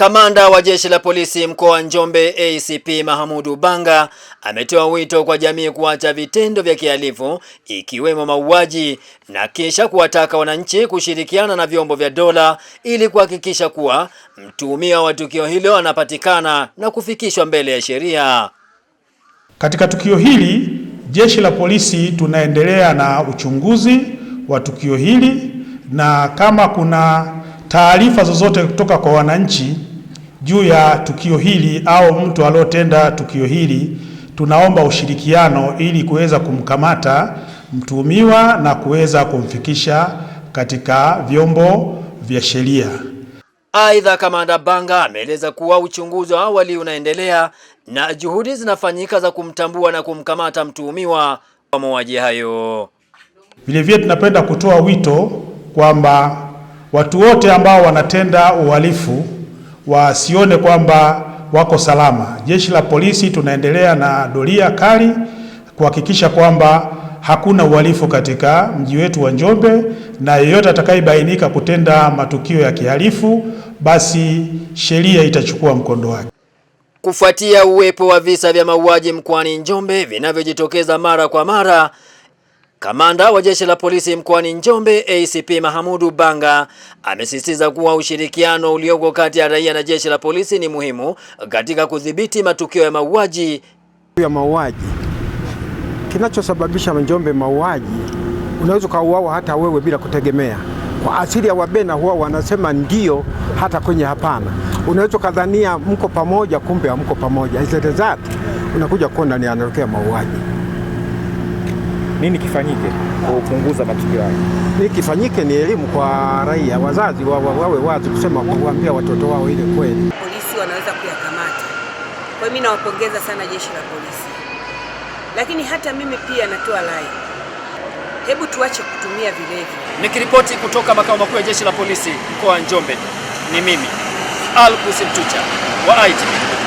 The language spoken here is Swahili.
Kamanda wa jeshi la polisi mkoa wa Njombe ACP Mahamudu Banga ametoa wito kwa jamii kuacha vitendo vya kihalifu ikiwemo mauaji na kisha kuwataka wananchi kushirikiana na vyombo vya dola ili kuhakikisha kuwa mtuhumiwa wa tukio hilo anapatikana na kufikishwa mbele ya sheria. Katika tukio hili, jeshi la polisi tunaendelea na uchunguzi wa tukio hili na kama kuna taarifa zozote kutoka kwa wananchi juu ya tukio hili au mtu aliyotenda tukio hili, tunaomba ushirikiano ili kuweza kumkamata mtuhumiwa na kuweza kumfikisha katika vyombo vya sheria. Aidha, Kamanda Banga ameeleza kuwa uchunguzi wa awali unaendelea na juhudi zinafanyika za kumtambua na kumkamata mtuhumiwa wa mauaji hayo. Vilevile tunapenda kutoa wito kwamba watu wote ambao wanatenda uhalifu wasione kwamba wako salama. Jeshi la polisi tunaendelea na doria kali kuhakikisha kwamba hakuna uhalifu katika mji wetu wa Njombe, na yeyote atakayebainika kutenda matukio ya kihalifu, basi sheria itachukua mkondo wake. Kufuatia uwepo wa visa vya mauaji mkoani Njombe vinavyojitokeza mara kwa mara Kamanda wa jeshi la polisi mkoani Njombe ACP Mahamudu Banga amesisitiza kuwa ushirikiano ulioko kati ya raia na jeshi la polisi ni muhimu katika kudhibiti matukio ya mauaji ya mauaji. Kinachosababisha Njombe mauaji, unaweza ukauawa hata wewe bila kutegemea. Kwa asili ya Wabena huwa wanasema ndio hata kwenye hapana. Unaweza ukadhania mko pamoja, kumbe hamko pamoja. Unakuja kuona ni anatokea mauaji nini kifanyike kupunguza matukio haya? Ni kifanyike? Ni elimu kwa raia, wazazi wawe wa, kusema kuambia watoto wao ile kweli, polisi wanaweza kuyakamata. Kwa hiyo mimi nawapongeza sana jeshi la polisi, lakini hata mimi pia natoa rai, hebu tuache kutumia vilevi. Nikiripoti kutoka makao makuu ya jeshi la polisi mkoa wa Njombe, ni mimi Alkusi Mtucha wa ITV.